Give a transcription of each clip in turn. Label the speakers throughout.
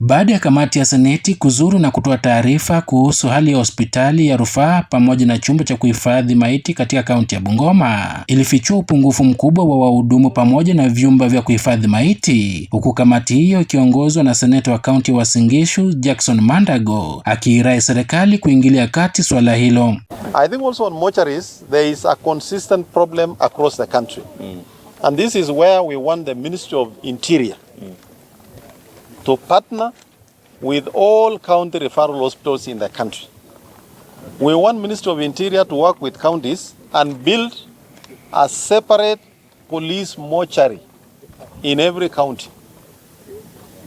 Speaker 1: Baada ya kamati ya Seneti kuzuru na kutoa taarifa kuhusu hali ya hospitali ya rufaa pamoja na chumba cha kuhifadhi maiti katika kaunti ya Bungoma, ilifichua upungufu mkubwa wa wahudumu pamoja na vyumba vya kuhifadhi maiti, huku kamati hiyo ikiongozwa na seneta wa kaunti ya Uasin Gishu Jackson Mandago akiirai serikali kuingilia kati swala hilo.
Speaker 2: I think also on mortuaries there is a consistent problem across the country. Mm. And this is where we want the Ministry of Interior to partner with all county referral hospitals in the country. We want Ministry of Interior to work with counties and build a separate police mortuary in every county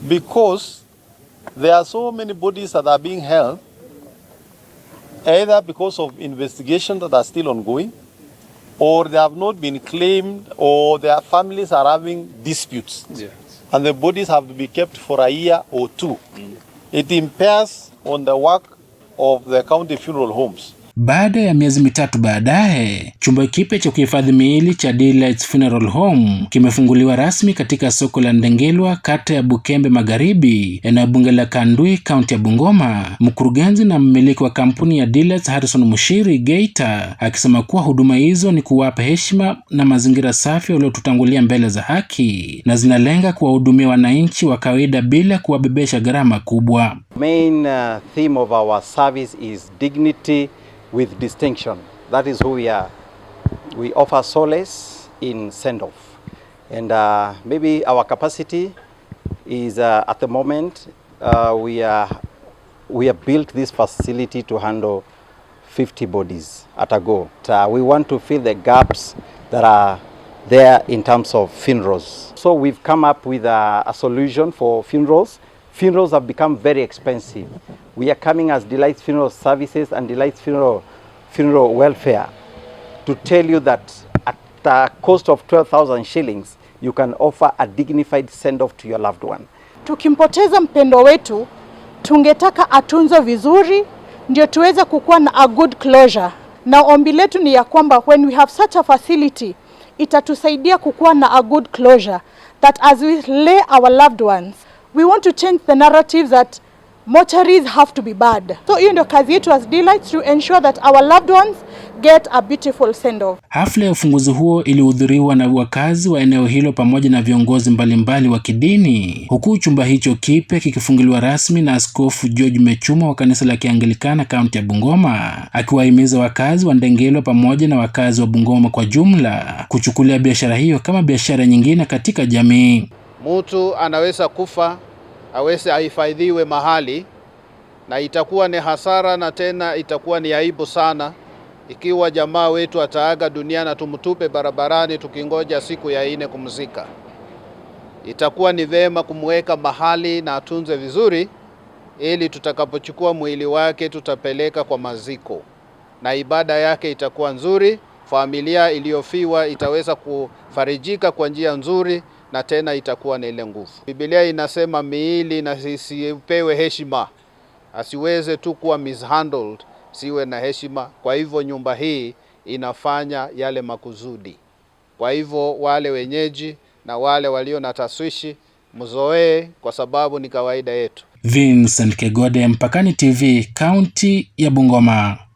Speaker 2: because there are so many bodies that are being held either because of investigations that are still ongoing or they have not been claimed, or their families are having disputes. Yes. And the bodies have to be kept for a year or two. Mm. It impairs on the work of the county funeral homes.
Speaker 1: Baada ya miezi mitatu baadaye, chumba kipya cha kuhifadhi miili cha Daylights Funeral Home kimefunguliwa rasmi katika soko la Ndengelwa, kata ya Bukembe Magharibi, eneo bunge la Kandui, kaunti ya Bungoma. Mkurugenzi na mmiliki wa kampuni ya Daylights Harrison Mushiri Geita akisema kuwa huduma hizo ni kuwapa heshima na mazingira safi waliotutangulia mbele za haki na zinalenga kuwahudumia wananchi wa kawaida bila kuwabebesha gharama kubwa.
Speaker 3: Main, uh, theme of our service is dignity with distinction. That is who we are. We offer solace in send off. And uh, maybe our capacity is uh, at the moment uh, we are we have built this facility to handle 50 bodies at a go. But, we want to fill the gaps that are there in terms of funerals. So we've come up with a, a solution for funerals. Funerals have become very expensive we are coming as Delights Funeral Services and Delights Funeral, Funeral Welfare to tell you that at the cost of 12,000 shillings you can offer a dignified send off to your loved one.
Speaker 4: Tukimpoteza mpendo wetu tungetaka atunzo vizuri ndio tuweze kukuwa na a good closure, na ombi letu ni ya kwamba when we have such a facility itatusaidia kukuwa na a good closure that as we lay our loved ones we want to change the narrative that mortuaries have to be bad. So hiyo ndio kazi yetu as Delights to ensure that our loved ones get a beautiful send off.
Speaker 1: Hafla ya ufunguzi huo ilihudhuriwa na wakazi wa eneo hilo pamoja na viongozi mbalimbali wa kidini, huku chumba hicho kipya kikifunguliwa rasmi na Askofu George Mechuma wa kanisa la Kianglikana kaunti ya Bungoma, akiwahimiza wakazi wa Ndengelwa pamoja na wakazi wa Bungoma kwa jumla kuchukulia biashara hiyo kama biashara nyingine katika jamii.
Speaker 5: Mtu anaweza kufa aweze ahifadhiwe mahali, na itakuwa ni hasara na tena itakuwa ni aibu sana ikiwa jamaa wetu ataaga dunia na tumtupe barabarani tukingoja siku ya ine kumzika. Itakuwa ni vema kumweka mahali na atunze vizuri, ili tutakapochukua mwili wake tutapeleka kwa maziko na ibada yake itakuwa nzuri. Familia iliyofiwa itaweza kufarijika kwa njia nzuri na tena itakuwa na ile nguvu. Biblia inasema miili na isipewe heshima, asiweze tu kuwa mishandled, siwe na heshima. Kwa hivyo nyumba hii inafanya yale makusudi. Kwa hivyo wale wenyeji na wale walio na taswishi mzoee, kwa sababu ni kawaida yetu.
Speaker 1: Vincent Kegode, Mpakani TV, kaunti ya Bungoma.